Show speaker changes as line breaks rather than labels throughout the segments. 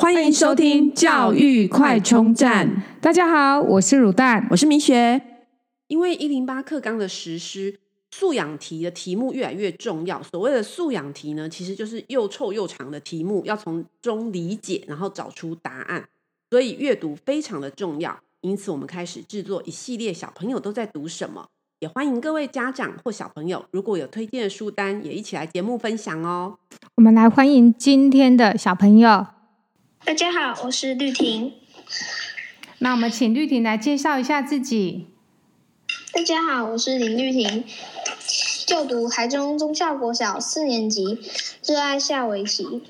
歡迎收聽教育快充站。大家好，我是乳蛋，我是米雪。因為一零八課綱的實施，素養題的題目越來越重要。所謂的素養題呢，其實就是又臭又長的題目，要從中理解，然後找出答案。所以閱讀非常的重要。因此，我們開始制作一系列小朋友都在讀什麼。也歡迎各位家長或小朋友，如果有推薦的書單，也一起來節目分享哦。我們來歡迎今天的小朋友。大家好，我是律霆。那我們請律霆來介紹一下自己。大家好，我是林律霆，就讀台中忠孝
國小四年級，熱愛下圍棋。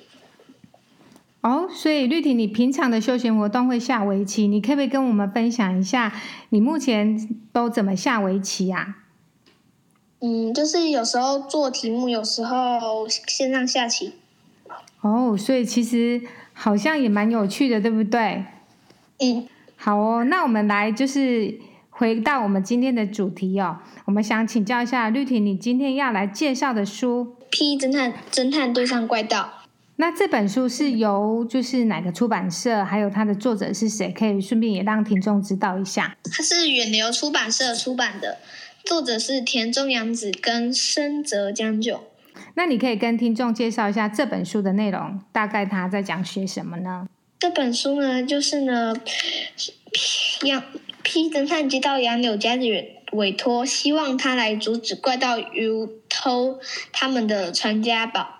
哦，所以律霆，你平常的休閒活動會下圍棋，你可不可以跟我們分享一下你目前都怎麼下圍棋呀？嗯，
就是有時候做題目，有時候線上下棋。
哦，所以其實。好像也蠻有趣的，對不對？嗯，好哦，那我們來就是回到我們今天的主題哦。我們想請教一下律霆，你今天要來介紹的書《屁屁偵探偵探對上怪盜》。那這本書是由就是哪個出版社，還有它的作者是誰？可以順便也讓聽眾知道一下。
它是遠流
出版社出版的，作者是田中陽子跟深澤將就。那你可以跟聽眾介紹一下這本書的內容，大概他在講些什麼呢？這本書呢，就是呢，屁屁偵探接到
楊柳家的委託，希望他來阻止怪盜魚偷他們的傳家寶。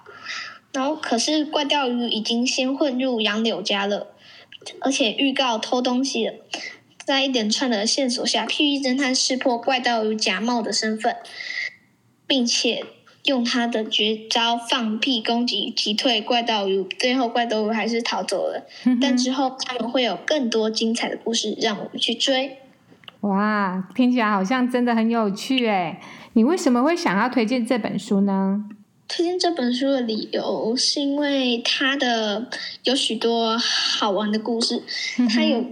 然後，可是怪盜魚已經先混入楊柳家了，而且預告偷東西了。在一連串的線索下，屁屁偵探識破怪盜魚假冒的身份，並且。用他的絕招放屁攻擊，擊退怪盜魚，最後怪盜魚還是逃走了。嗯哼。
但之後他們會有更多精彩的故事讓我們去追。哇，聽起來好像真的很有趣哎！你為什麼會想要推薦這本書呢？
推薦這本書的理由是因為它的有許多好玩的故事，他有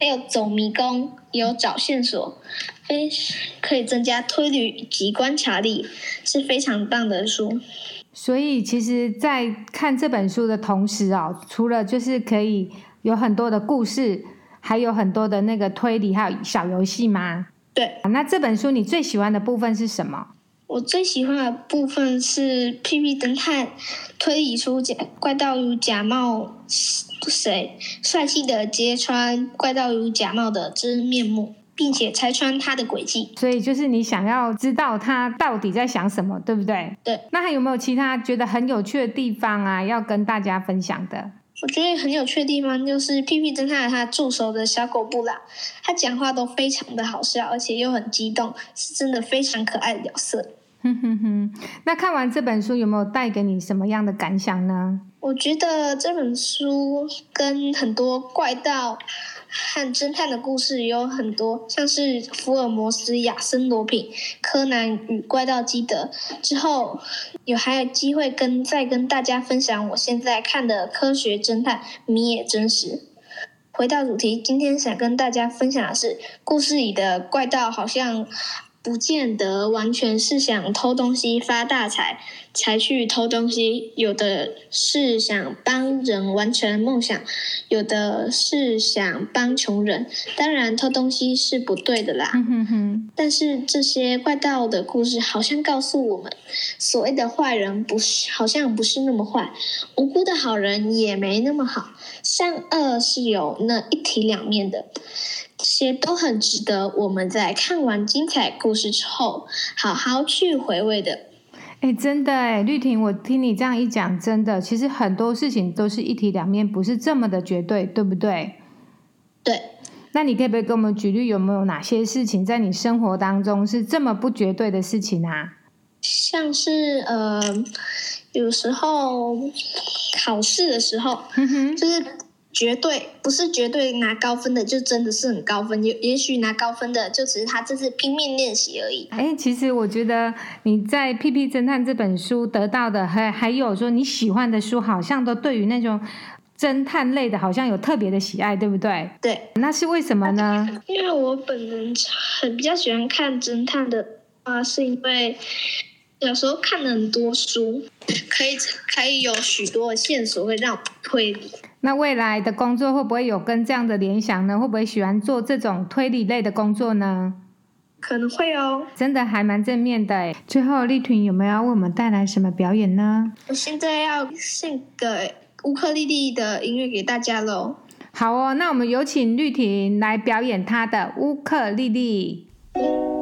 它有走迷宮，有找線索。
可以增加推理及觀察力，是非常棒的書。所以，其實，在看這本書的同時哦，除了就是可以有很多的故事，還有很多的那個推理，還有小遊戲嗎？對。那這本書你最喜歡的部分是什麼？
我最喜歡的部分是屁屁偵探推理出假，怪盜如假冒誰，帥氣的揭穿怪盜如假冒的真，就是，面目。並且拆穿
他的詭計，所以就是你想要知道他到底在想什麼，對不對？對。那還有沒有其他覺得很有趣的地方啊？要跟大家分享的？我覺得很有趣的
地方就是屁屁偵探他助手的小狗布朗，他講話都非常的好笑，而且又很激動，是真的非常可愛的角色。哼哼
哼。那看完這本書有沒有帶給你什麼樣的感想呢？我覺得這本書跟
很多怪盜。和偵探的故事有很多，像是福爾摩斯、亞森羅蘋、柯南與怪盜基德。之後有還有機會跟再跟大家分享，我現在看的科學偵探《謎野真實》。回到主題，今天想跟大家分享的是，故事裡的怪盜好像。不見得完全是想偷東西發大財才去偷東西，有的是想幫人完成夢想，有的是想幫窮人。當然，偷東西是不對的啦。嗯、哼哼。但是這些怪盜的故事好像告訴我們，所謂的壞人不是，好像不是那麼壞，無辜的好人也沒那麼好，善惡是有那一體兩面的。這些都很值得我們在
看完精彩故事之後，好好去回味的。哎，真的哎，律霆，我聽你這樣一講，真的，其實很多事情都是一體兩面，不是這麼的絕對，對不對？對。那你可不可以給我們舉例，有沒有哪些事情在你生活當中是這麼不絕對的事情啊？像是呃，
有時候考試的時候，嗯、哼就是。絕對不是絕對拿高分的，就真的是很高分；也也許拿高分的，就只是
他這次拼命練習而已。哎，其實我覺得你在《屁屁偵探》這本書得到的，還還有說你喜歡的書，好像都對於那種偵探類的，好像有特別的喜愛，對不對？對。那是為什麼呢？
因為我本人很比較喜歡看偵探的，啊，是因為有時候看了很多書，可以可以有許多的線索，會讓我推理。
那未來的工作會不會有跟這樣的聯想呢？會不會喜歡做這種推理類的工作呢？可能會哦，真的還蠻正面的。最後，律霆有沒有要為我們帶來什麼表演呢？我現在要獻個烏克麗麗的音樂給大家嘍。好哦，那我們有請律霆來表演她的烏克麗麗。